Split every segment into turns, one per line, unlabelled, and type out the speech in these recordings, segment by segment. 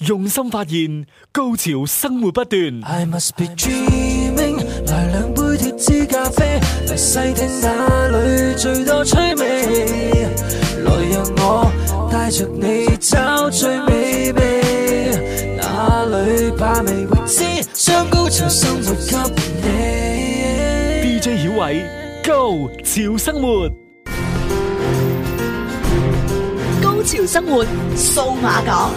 用心發現，高潮生活不斷。Dreaming，來兩杯脫脂咖啡，嚟細聽那裏最多趣味。來讓我帶着你找最美秘，哪裏把味知，將高潮生活給你。DJ 小偉，Go，潮生活，高潮生活，數碼港。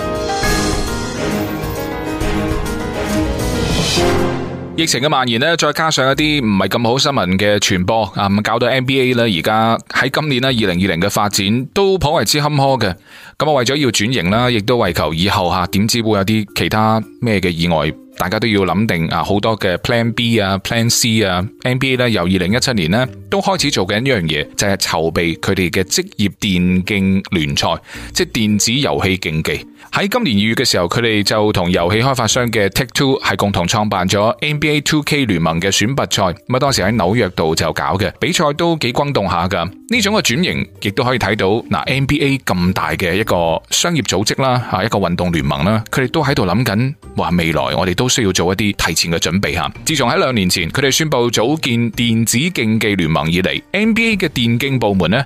疫情嘅蔓延呢，再加上一啲唔係咁好新聞嘅傳播啊，咁搞到 NBA 呢，而家喺今年呢，二零二零嘅發展都頗為之坎坷嘅。咁啊，為咗要轉型啦，亦都為求以後吓，點知會有啲其他咩嘅意外？大家都要諗定啊，好多嘅 Plan B 啊、Plan C 啊，NBA 咧由二零一七年呢都開始做嘅呢樣嘢，就係、是、籌備佢哋嘅職業電競聯賽，即係電子遊戲競技。喺今年二月嘅時候，佢哋就同遊戲開發商嘅 Take Two 係共同創辦咗 NBA 2K 聯盟嘅選拔賽，咁啊當時喺紐約度就搞嘅，比賽都幾轟動下噶。呢種嘅轉型，亦都可以睇到嗱。NBA 咁大嘅一個商業組織啦，吓一個運動聯盟啦，佢哋都喺度諗緊話未來我哋都需要做一啲提前嘅準備吓。自從喺兩年前佢哋宣布組建電子競技聯盟以嚟，NBA 嘅電競部門呢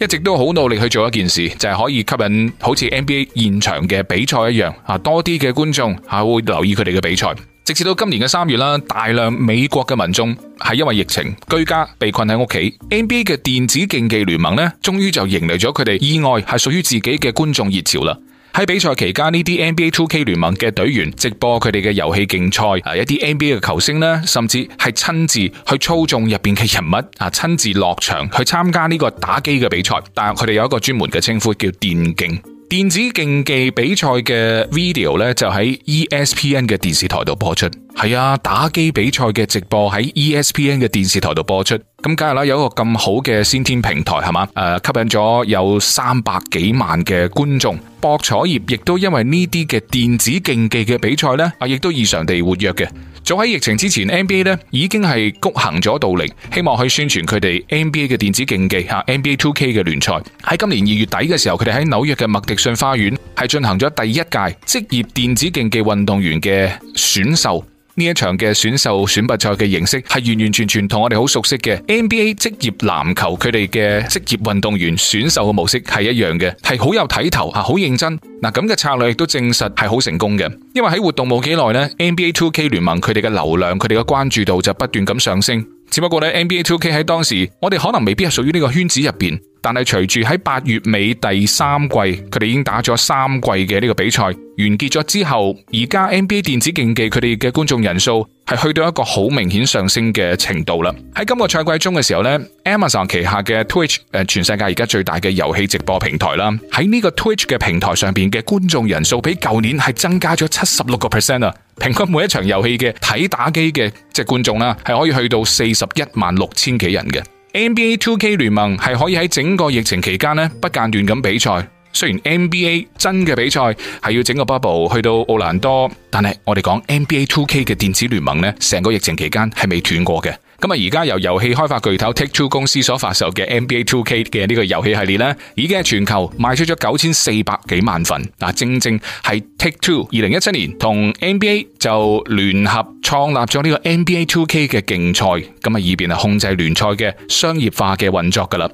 一直都好努力去做一件事，就係、是、可以吸引好似 NBA 現場嘅比賽一樣啊，多啲嘅觀眾啊會留意佢哋嘅比賽。直至到今年嘅三月啦，大量美國嘅民眾係因為疫情居家被困喺屋企。NBA 嘅電子競技聯盟呢，終於就迎嚟咗佢哋意外係屬於自己嘅觀眾熱潮啦。喺比賽期間呢啲 NBA 2K 聯盟嘅隊員直播佢哋嘅遊戲競賽啊，一啲 NBA 嘅球星呢，甚至係親自去操縱入邊嘅人物啊，親自落場去參加呢個打機嘅比賽，但係佢哋有一個專門嘅稱呼叫電競。電子競技比賽嘅 video 咧就喺 ESPN 嘅電視台度播出，係啊，打機比賽嘅直播喺 ESPN 嘅電視台度播出，咁梗係啦，有一個咁好嘅先天平台係嘛，誒、呃，吸引咗有三百幾萬嘅觀眾，博彩業亦都因為呢啲嘅電子競技嘅比賽咧，啊，亦都異常地活躍嘅。早喺疫情之前，NBA 已經係谷行咗到嚟，希望去宣傳佢哋 NBA 嘅電子競技，NBA 2K 嘅聯賽。喺今年二月底嘅時候，佢哋喺紐約嘅麥迪遜花園係進行咗第一屆職業電子競技運動員嘅選秀。呢一場嘅選秀選拔賽嘅形式係完完全全同我哋好熟悉嘅 NBA 職業籃球佢哋嘅職業運動員選秀嘅模式係一樣嘅，係好有睇頭吓，好認真。嗱，咁嘅策略亦都證實係好成功嘅，因為喺活動冇幾耐咧，NBA 2K 聯盟佢哋嘅流量、佢哋嘅關注度就不斷咁上升。只不過咧，NBA 2K 喺當時我哋可能未必係屬於呢個圈子入邊。但係隨住喺八月尾第三季，佢哋已經打咗三季嘅呢個比賽完結咗之後，而家 NBA 電子競技佢哋嘅觀眾人數係去到一個好明顯上升嘅程度啦。喺今個賽季中嘅時候呢，Amazon 旗下嘅 Twitch 誒，全世界而家最大嘅遊戲直播平台啦，喺呢個 Twitch 嘅平台上邊嘅觀眾人數比舊年係增加咗七十六個 percent 啊。平均每一場遊戲嘅睇打機嘅即係觀眾啦，係可以去到四十一萬六千幾人嘅。NBA 2K 聯盟係可以喺整個疫情期間咧不間斷咁比賽，雖然 NBA 真嘅比賽係要整個 bubble 去到奧蘭多，但係我哋講 NBA 2K 嘅電子聯盟咧，成個疫情期間係未斷過嘅。而家由遊戲開發巨頭 Take Two 公司所發售嘅 NBA Two K 嘅呢個遊戲系列咧，已經喺全球賣出咗九千四百幾萬份。嗱，正正係 Take Two 二零一七年同 NBA 就聯合創立咗呢個 NBA Two K 嘅競賽，咁啊以便啊控制聯賽嘅商業化嘅運作噶啦。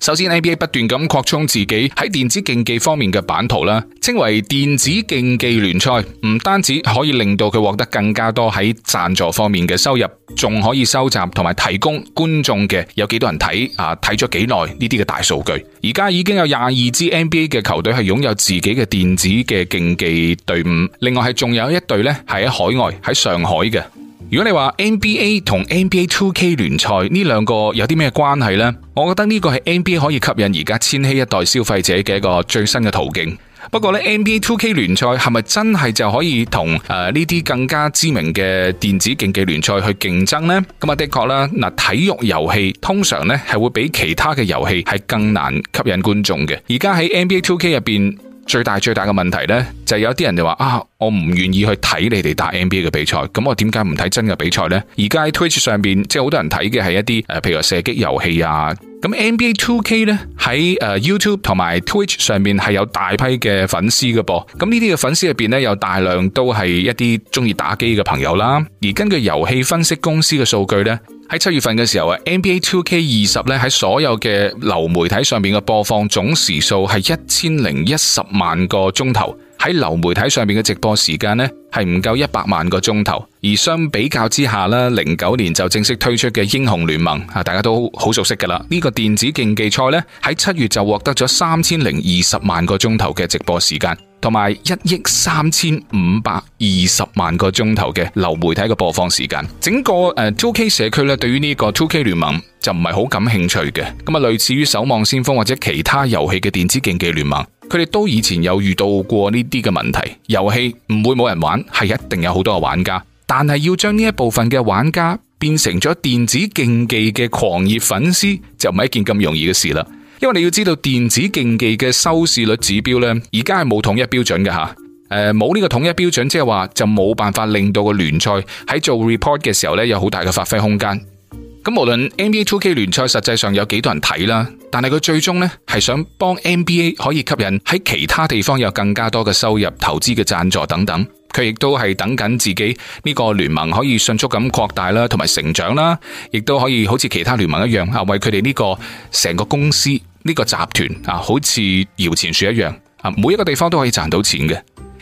首先，NBA 不斷咁擴充自己喺電子競技方面嘅版圖啦，稱為電子競技聯賽，唔單止可以令到佢獲得更加多喺贊助方面嘅收入，仲可以收集同埋提供觀眾嘅有幾多人睇啊，睇咗幾耐呢啲嘅大數據。而家已經有廿二支 NBA 嘅球隊係擁有自己嘅電子嘅競技隊伍，另外係仲有一隊呢，係喺海外喺上海嘅。如果你話 NBA 同 NBA Two K 聯賽呢兩個有啲咩關係呢？我覺得呢個係 NBA 可以吸引而家千禧一代消費者嘅一個最新嘅途徑。不過咧，NBA Two K 聯賽係咪真係就可以同誒呢啲更加知名嘅電子競技聯賽去競爭呢？咁啊的確啦，嗱，體育遊戲通常呢係會比其他嘅遊戲係更難吸引觀眾嘅。而家喺 NBA Two K 入邊。最大最大嘅問題呢，就係有啲人就話啊，我唔願意去睇你哋打 NBA 嘅比賽，咁我點解唔睇真嘅比賽呢？而家喺 Twitch 上面，即係好多人睇嘅係一啲誒，譬如射擊遊戲啊。咁 NBA Two K 呢，喺 YouTube 同埋 Twitch 上面係有大批嘅粉絲噶噃。咁呢啲嘅粉絲入邊呢，有大量都係一啲中意打機嘅朋友啦。而根據遊戲分析公司嘅數據呢。喺七月份嘅時候啊，NBA 2K 二十咧喺所有嘅流媒體上面嘅播放總時數係一千零一十萬個鐘頭。喺流媒體上面嘅直播時間呢，係唔夠一百萬個鐘頭，而相比較之下呢，零九年就正式推出嘅英雄聯盟啊，大家都好熟悉噶啦。呢個電子競技賽呢，喺七月就獲得咗三千零二十萬個鐘頭嘅直播時間，同埋一億三千五百二十萬個鐘頭嘅流媒體嘅播放時間。整個誒 Two K 社區呢，對於呢個 Two K 聯盟就唔係好感興趣嘅，咁啊類似於守望先鋒或者其他遊戲嘅電子競技聯盟。佢哋都以前有遇到過呢啲嘅問題，遊戲唔會冇人玩，係一定有好多嘅玩家，但係要將呢一部分嘅玩家變成咗電子競技嘅狂熱粉絲，就唔係一件咁容易嘅事啦。因為你要知道，電子競技嘅收視率指標呢，而家係冇統一標準嘅吓，誒、呃，冇呢個統一標準，即係話就冇辦法令到個聯賽喺做 report 嘅時候呢，有好大嘅發揮空間。咁無論 NBA Two K 聯賽實際上有幾多人睇啦。但係佢最終呢，係想幫 NBA 可以吸引喺其他地方有更加多嘅收入、投資嘅贊助等等，佢亦都係等緊自己呢個聯盟可以迅速咁擴大啦，同埋成長啦，亦都可以好似其他聯盟一樣啊，為佢哋呢個成個公司呢個集團啊，好似搖錢樹一樣啊，每一個地方都可以賺到錢嘅。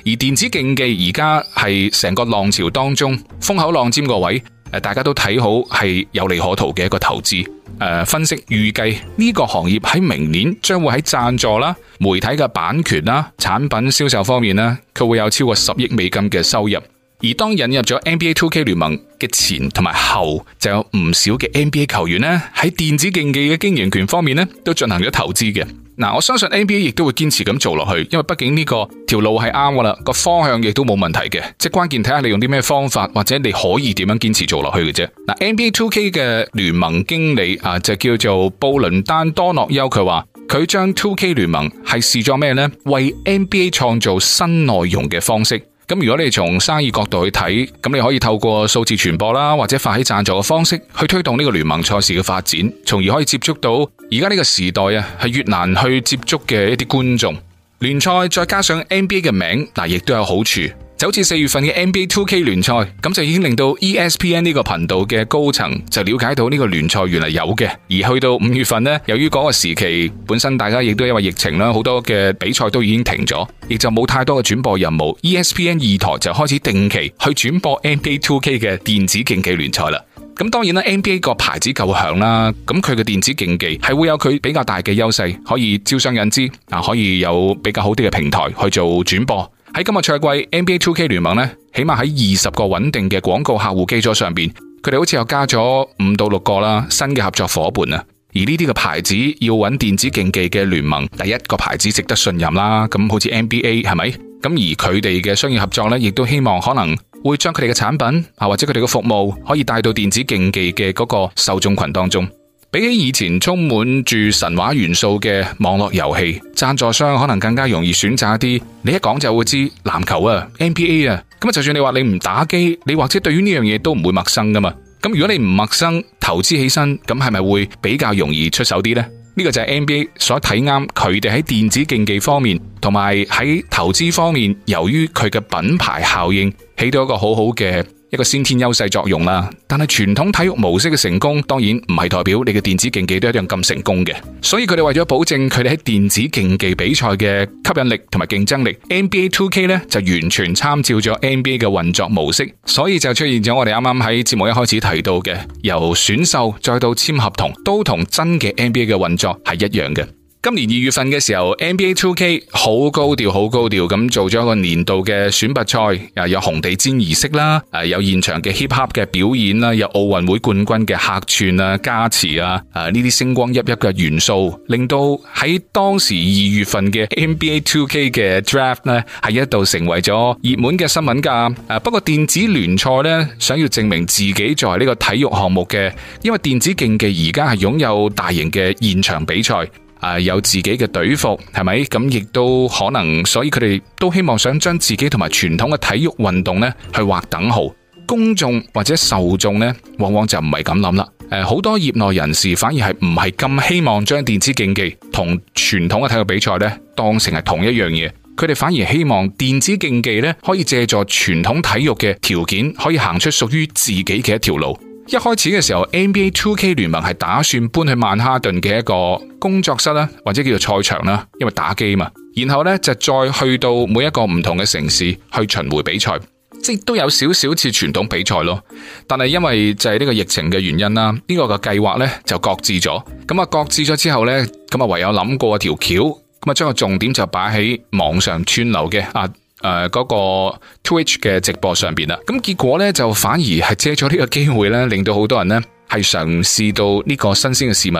而電子競技而家係成個浪潮當中風口浪尖個位，大家都睇好係有利可圖嘅一個投資。誒、呃，分析預計呢、呢個行業喺明年將會喺贊助啦、媒體嘅版權啦、產品銷售方面咧，佢會有超過十億美金嘅收入。而當引入咗 NBA 2K 聯盟嘅前同埋後，就有唔少嘅 NBA 球員呢，喺電子競技嘅經營權方面呢，都進行咗投資嘅。嗱，我相信 NBA 亦都會堅持咁做落去，因為畢竟呢個條路係啱噶啦，個方向亦都冇問題嘅，即係關鍵睇下你用啲咩方法，或者你可以點樣堅持做落去嘅啫。嗱，NBA 2K 嘅聯盟經理啊，就叫做布倫丹多諾休，佢話佢將 2K 聯盟係視作咩呢？為 NBA 創造新內容嘅方式。咁如果你哋從生意角度去睇，咁你可以透過數字傳播啦，或者發起贊助嘅方式去推動呢個聯盟賽事嘅發展，從而可以接觸到。而家呢個時代啊，係越難去接觸嘅一啲觀眾。聯賽再加上 NBA 嘅名，嗱亦都有好處。就好似四月份嘅 NBA 2K 聯賽，咁就已經令到 ESPN 呢個頻道嘅高層就了解到呢個聯賽原來有嘅。而去到五月份呢，由於嗰個時期本身大家亦都因為疫情啦，好多嘅比賽都已經停咗，亦就冇太多嘅轉播任務。ESPN 二台就開始定期去轉播 NBA 2K 嘅電子競技聯賽啦。咁當然啦，NBA 個牌子夠響啦，咁佢嘅電子競技係會有佢比較大嘅優勢，可以招商引資，啊可以有比較好啲嘅平台去做轉播。喺今個賽季，NBA 2K 聯盟咧，起碼喺二十個穩定嘅廣告客戶基礎上面，佢哋好似又加咗五到六個啦新嘅合作伙伴啊！而呢啲嘅牌子要搵電子競技嘅聯盟，第一個牌子值得信任啦。咁好似 NBA 係咪？咁而佢哋嘅商業合作呢，亦都希望可能會將佢哋嘅產品或者佢哋嘅服務可以帶到電子競技嘅嗰個受眾群當中。比起以前充滿住神話元素嘅網絡遊戲，贊助商可能更加容易選擇一啲。你一講就會知，籃球啊，NBA 啊。咁就算你話你唔打機，你或者對於呢樣嘢都唔會陌生噶嘛。咁如果你唔陌生，投資起身，咁係咪會比較容易出手啲呢？呢、呢個就係 NBA 所睇啱佢哋喺電子競技方面，同埋喺投資方面，由於佢嘅品牌效應，起到一個很好好嘅。一個先天優勢作用啦，但係傳統體育模式嘅成功，當然唔係代表你嘅電子競技都一樣咁成功嘅。所以佢哋為咗保證佢哋喺電子競技比賽嘅吸引力同埋競爭力，NBA 2K 呢就完全參照咗 NBA 嘅運作模式，所以就出現咗我哋啱啱喺節目一開始提到嘅，由選秀再到簽合同，都同真嘅 NBA 嘅運作係一樣嘅。今年二月份嘅時候，NBA 2K 好高調，好高調咁做咗一個年度嘅選拔賽。啊，有紅地氈儀式啦，誒，有現場嘅 hip hop 嘅表演啦，有奧運會冠軍嘅客串啊、加持啊，誒，呢啲星光熠熠嘅元素，令到喺當時二月份嘅 NBA 2K 嘅 draft 呢，係一度成為咗熱門嘅新聞噶。誒，不過電子聯賽呢，想要證明自己在呢個體育項目嘅，因為電子競技而家係擁有大型嘅現場比賽。誒，有自己嘅隊服，係咪？咁亦都可能，所以佢哋都希望想將自己同埋傳統嘅體育運動呢，去劃等號。公眾或者受眾呢，往往就唔係咁諗啦。誒，好多業內人士反而係唔係咁希望將電子競技同傳統嘅體育比賽呢，當成係同一樣嘢。佢哋反而希望電子競技呢，可以借助傳統體育嘅條件，可以行出屬於自己嘅一條路。一開始嘅時候，NBA 2K 聯盟係打算搬去曼哈頓嘅一個工作室啦，或者叫做賽場啦，因為打機嘛。然後呢，就再去到每一個唔同嘅城市去巡迴比賽，即都有少少似傳統比賽咯。但係因為就係呢個疫情嘅原因啦，呢個嘅計劃呢就擱置咗。咁啊，擱置咗之後呢，咁啊唯有諗過條橋，咁啊將個重點就擺喺網上串流嘅啊。誒，嗰個 Twitch 嘅直播上邊啦，咁結果呢就反而係借咗呢個機會呢，令到好多人呢係嘗試到呢個新鮮嘅事物。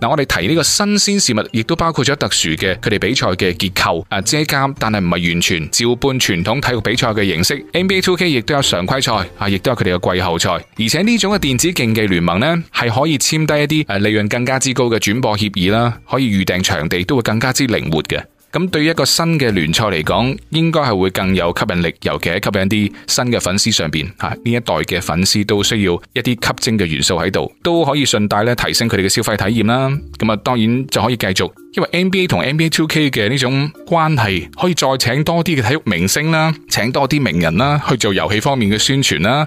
嗱，我哋提呢個新鮮事物，亦都包括咗特殊嘅佢哋比賽嘅結構啊，遮監，但係唔係完全照搬傳統體育比賽嘅形式。NBA 2K 亦都有常規賽啊，亦都有佢哋嘅季後賽，而且呢種嘅電子競技聯盟呢，係可以簽低一啲誒利潤更加之高嘅轉播協議啦，可以預訂場地都會更加之靈活嘅。咁對於一個新嘅聯賽嚟講，應該係會更有吸引力，尤其係吸引啲新嘅粉絲上邊，吓呢一代嘅粉絲都需要一啲吸睛嘅元素喺度，都可以順帶咧提升佢哋嘅消費體驗啦。咁啊，當然就可以繼續，因為 NBA 同 NBA 2K 嘅呢種關係，可以再請多啲嘅體育明星啦，請多啲名人啦去做遊戲方面嘅宣傳啦。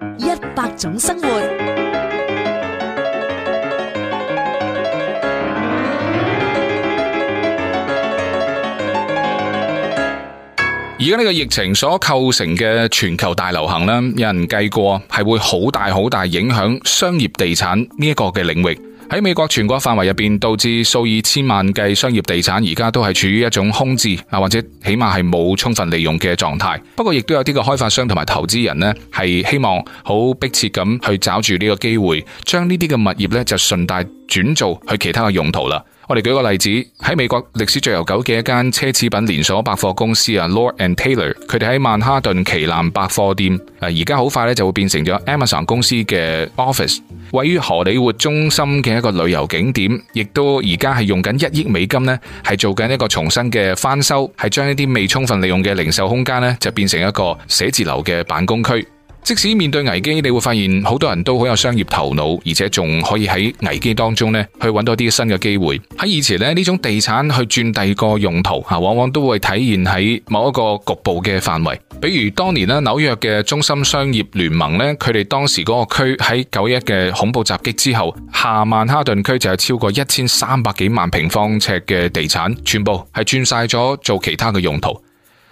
一百種生活，而家呢個疫情所構成嘅全球大流行咧，有人計過係會好大好大影響商業地產呢一個嘅領域。喺美國全國範圍入邊，導致數以千萬計商業地產而家都係處於一種空置啊，或者起碼係冇充分利用嘅狀態。不過，亦都有啲個開發商同埋投資人呢，係希望好迫切咁去抓住呢個機會，將呢啲嘅物業呢，就順帶轉做去其他嘅用途啦。我哋舉個例子，喺美國歷史最悠久嘅一間奢侈品連鎖百貨公司啊，Lord and Taylor，佢哋喺曼哈頓旗艦百貨店，而家好快咧就會變成咗 Amazon 公司嘅 office，位於荷里活中心嘅一個旅遊景點，亦都而家係用緊一億美金咧，係做緊一個重新嘅翻修，係將一啲未充分利用嘅零售空間咧，就變成一個寫字樓嘅辦公區。即使面對危機，你會發現好多人都好有商業頭腦，而且仲可以喺危機當中呢去揾到啲新嘅機會。喺以前呢，呢種地產去轉第二個用途啊，往往都會體現喺某一個局部嘅範圍。比如當年呢，紐約嘅中心商業聯盟呢，佢哋當時嗰個區喺九一嘅恐怖襲擊之後，下曼哈頓區就係超過一千三百幾萬平方尺嘅地產，全部係轉晒咗做其他嘅用途。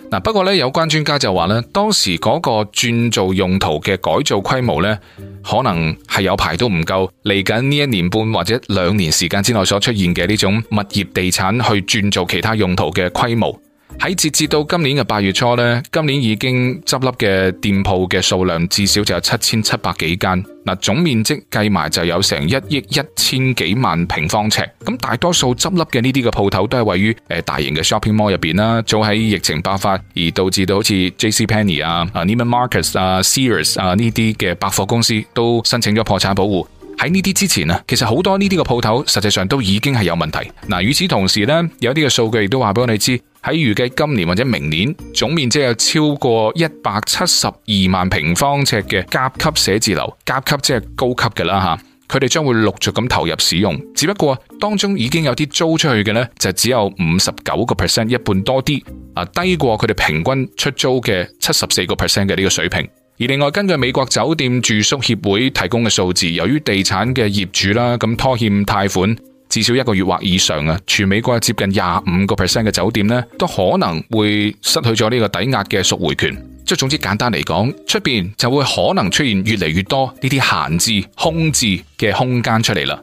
嗱，不過咧，有關專家就話咧，當時嗰個轉做用途嘅改造規模咧，可能係有排都唔夠，嚟緊呢一年半或者兩年時間之內所出現嘅呢種物業地產去轉做其他用途嘅規模。喺截至到今年嘅八月初呢，今年已經執笠嘅店鋪嘅數量至少就有七千七百幾間，嗱，總面積計埋就有成一億一千幾萬平方尺。咁大多數執笠嘅呢啲嘅鋪頭都係位於誒，大型嘅 shopping mall 入邊啦。早喺疫情爆發而導致到好似 JC Penney 啊、啊 Neiman Marcus 啊、Sears 啊呢啲嘅百貨公司都申請咗破產保護。喺呢啲之前啊，其實好多呢啲嘅鋪頭實際上都已經係有問題。嗱，與此同時呢，有啲嘅數據亦都話俾我哋知。喺預計今年或者明年，總面積有超過一百七十二萬平方尺嘅甲級寫字樓，甲級即係高級嘅啦吓，佢哋將會陸續咁投入使用。只不過當中已經有啲租出去嘅呢，就只有五十九個 percent，一半多啲，啊低過佢哋平均出租嘅七十四個 percent 嘅呢個水平。而另外根據美國酒店住宿協會提供嘅數字，由於地產嘅業主啦咁拖欠貸款。至少一個月或以上啊！全美國接近廿五個 percent 嘅酒店咧，都可能會失去咗呢個抵押嘅贖回權。即係總之簡單嚟講，出邊就會可能出現越嚟越多呢啲閒置、空置嘅空間出嚟啦。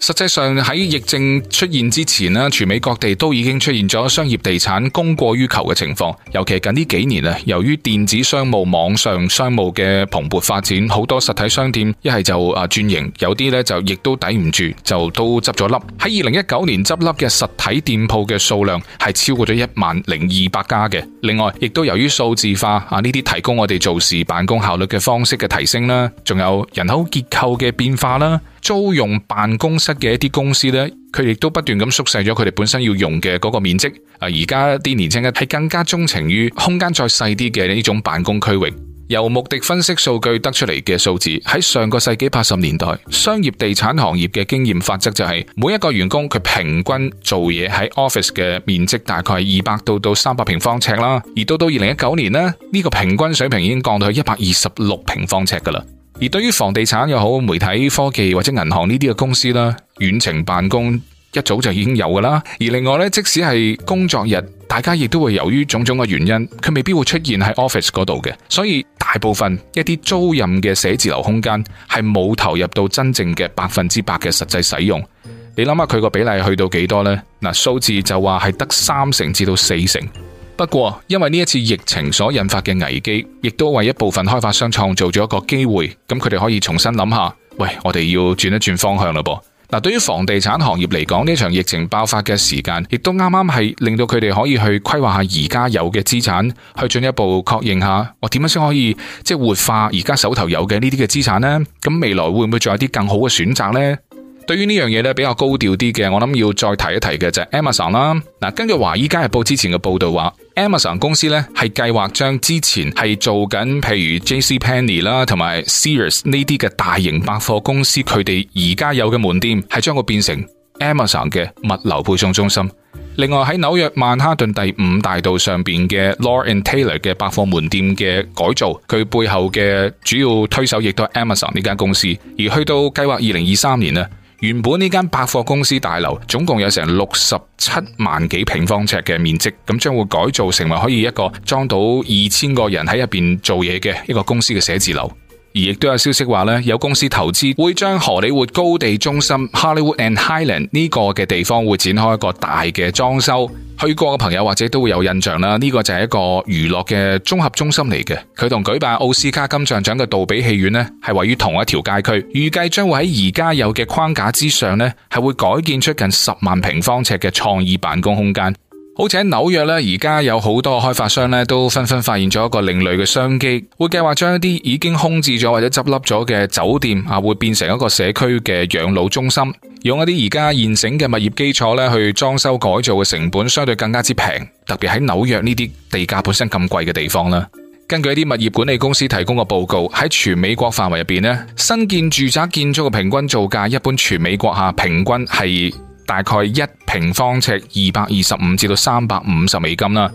實際上喺疫症出現之前啦，全美各地都已經出現咗商業地產供過於求嘅情況。尤其近呢幾年啊，由於電子商務、網上商務嘅蓬勃發展，好多實體商店一係就啊轉型，有啲呢就亦都抵唔住，就都執咗笠。喺二零一九年執笠嘅實體店鋪嘅數量係超過咗一萬零二百家嘅。另外，亦都由於數字化啊呢啲提供我哋做事辦公效率嘅方式嘅提升啦，仲有人口結構嘅變化啦。租用辦公室嘅一啲公司呢，佢亦都不斷咁縮細咗佢哋本身要用嘅嗰個面積。啊，而家啲年輕人係更加鍾情於空間再細啲嘅呢種辦公區域。由目的分析數據得出嚟嘅數字，喺上個世紀八十年代，商業地產行業嘅經驗法則就係、是、每一個員工佢平均做嘢喺 office 嘅面積大概係二百到到三百平方尺啦。而到到二零一九年呢，呢、呢個平均水平已經降到去一百二十六平方尺噶啦。而對於房地產又好、媒體科技或者銀行呢啲嘅公司啦，遠程辦公一早就已經有噶啦。而另外呢，即使係工作日，大家亦都會由於種種嘅原因，佢未必會出現喺 office 嗰度嘅。所以大部分一啲租賃嘅寫字樓空間係冇投入到真正嘅百分之百嘅實際使用。你諗下佢個比例去到幾多呢？嗱，數字就話係得三成至到四成。不過，因為呢一次疫情所引發嘅危機，亦都為一部分開發商創造咗一個機會，咁佢哋可以重新諗下，喂，我哋要轉一轉方向喇噃。嗱，對於房地產行業嚟講，呢場疫情爆發嘅時間，亦都啱啱係令到佢哋可以去規劃下而家有嘅資產，去進一步確認下，我、哦、點樣先可以即係活化而家手頭有嘅呢啲嘅資產呢？咁未來會唔會仲有啲更好嘅選擇呢？」對於呢樣嘢咧比較高調啲嘅，我諗要再提一提嘅就係、是、Amazon 啦。嗱，根據《華爾街日報》之前嘅報道話，Amazon 公司咧係計劃將之前係做緊，譬如 J.C. Penney 啦同埋 Sears 呢啲嘅大型百貨公司，佢哋而家有嘅門店係將佢變成 Amazon 嘅物流配送中心。另外喺紐約曼哈頓第五大道上邊嘅 Lord and Taylor 嘅百貨門店嘅改造，佢背後嘅主要推手亦都係 Amazon 呢間公司。而去到計劃二零二三年呢。原本呢間百貨公司大樓總共有成六十七萬幾平方尺嘅面積，咁將會改造成為可以一個裝到二千個人喺入邊做嘢嘅一個公司嘅寫字樓。而亦都有消息話咧，有公司投資會將荷里活高地中心 （Hollywood and Highland） 呢個嘅地方會展開一個大嘅裝修。去過嘅朋友或者都會有印象啦。呢個就係一個娛樂嘅綜合中心嚟嘅。佢同舉辦奧斯卡金像獎嘅杜比戲院呢係位於同一條街區。預計將會喺而家有嘅框架之上呢係會改建出近十萬平方尺嘅創意辦公空間。好似喺紐約呢，而家有好多開發商呢都紛紛發現咗一個另類嘅商機，會計劃將一啲已經空置咗或者執笠咗嘅酒店啊，會變成一個社區嘅養老中心，用一啲而家現成嘅物業基礎呢去裝修改造嘅成本相對更加之平，特別喺紐約呢啲地價本身咁貴嘅地方啦。根據一啲物業管理公司提供嘅報告，喺全美國範圍入邊呢，新建住宅建築嘅平均造價，一般全美國吓平均係。大概一平方尺二百二十五至到三百五十美金啦。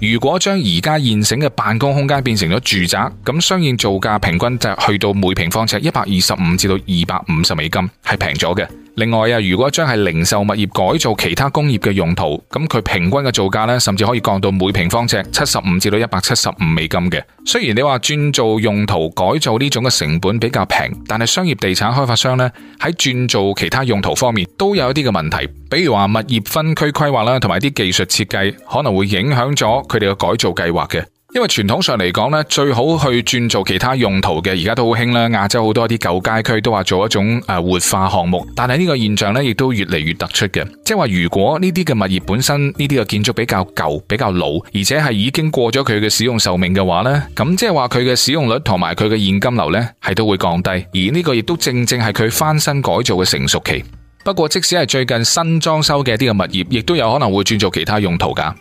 如果將而家現成嘅辦公空間變成咗住宅，咁相應造價平均就去到每平方尺一百二十五至到二百五十美金，係平咗嘅。另外啊，如果將係零售物業改造其他工業嘅用途，咁佢平均嘅造價呢，甚至可以降到每平方尺七十五至到一百七十五美金嘅。雖然你話轉做用途改造呢種嘅成本比較平，但係商業地產開發商呢，喺轉做其他用途方面，都有一啲嘅問題，比如話物業分區規劃啦，同埋啲技術設計，可能會影響咗佢哋嘅改造計劃嘅。因為傳統上嚟講咧，最好去轉做其他用途嘅，而家都好興啦。亞洲好多啲舊街區都話做一種誒活化項目，但係呢個現象咧，亦都越嚟越突出嘅。即係話，如果呢啲嘅物業本身呢啲嘅建築比較舊、比較老，而且係已經過咗佢嘅使用壽命嘅話咧，咁即係話佢嘅使用率同埋佢嘅現金流咧係都會降低。而呢個亦都正正係佢翻新改造嘅成熟期。不過，即使係最近新裝修嘅啲嘅物業，亦都有可能會轉做其他用途噶。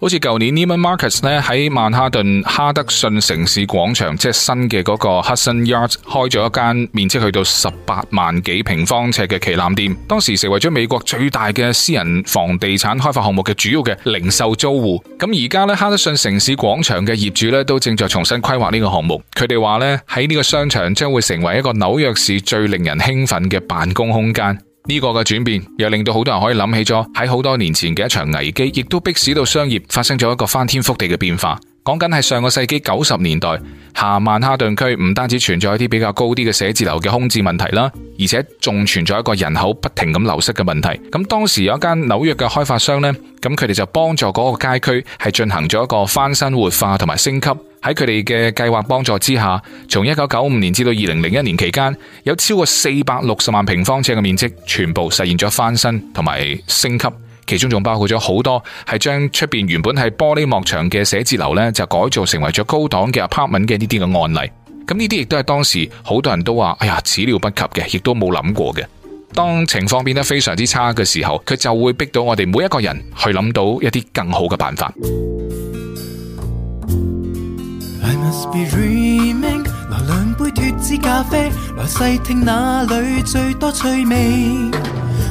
好似舊年，Neiman Marcus 喺曼哈頓哈德遜城市廣場，即新嘅嗰個 Hudson Yards，開咗一間面積去到十八萬幾平方尺嘅旗艦店。當時成為咗美國最大嘅私人房地產開發項目嘅主要嘅零售租戶。咁而家咧，哈德遜城市廣場嘅業主都正在重新規劃呢個項目。佢哋話咧，喺呢個商場將會成為一個紐約市最令人興奮嘅辦公空間。呢個嘅轉變，又令到好多人可以諗起咗喺好多年前嘅一場危機，亦都迫使到商業發生咗一個翻天覆地嘅變化。講緊係上個世紀九十年代，下曼哈頓區唔單止存在一啲比較高啲嘅寫字樓嘅空置問題啦，而且仲存在一個人口不停咁流失嘅問題。咁當時有一間紐約嘅開發商呢，咁佢哋就幫助嗰個街區係進行咗一個翻新活化同埋升級。喺佢哋嘅計劃幫助之下，從一九九五年至到二零零一年期間，有超過四百六十萬平方尺嘅面積全部實現咗翻新同埋升級。其中仲包括咗好多係將出邊原本係玻璃幕牆嘅寫字樓呢，就改造成為咗高檔嘅 apartment 嘅呢啲嘅案例。咁呢啲亦都係當時好多人都話，哎呀，始料不及嘅，亦都冇諗過嘅。當情況變得非常之差嘅時候，佢就會逼到我哋每一個人去諗到一啲更好嘅辦法。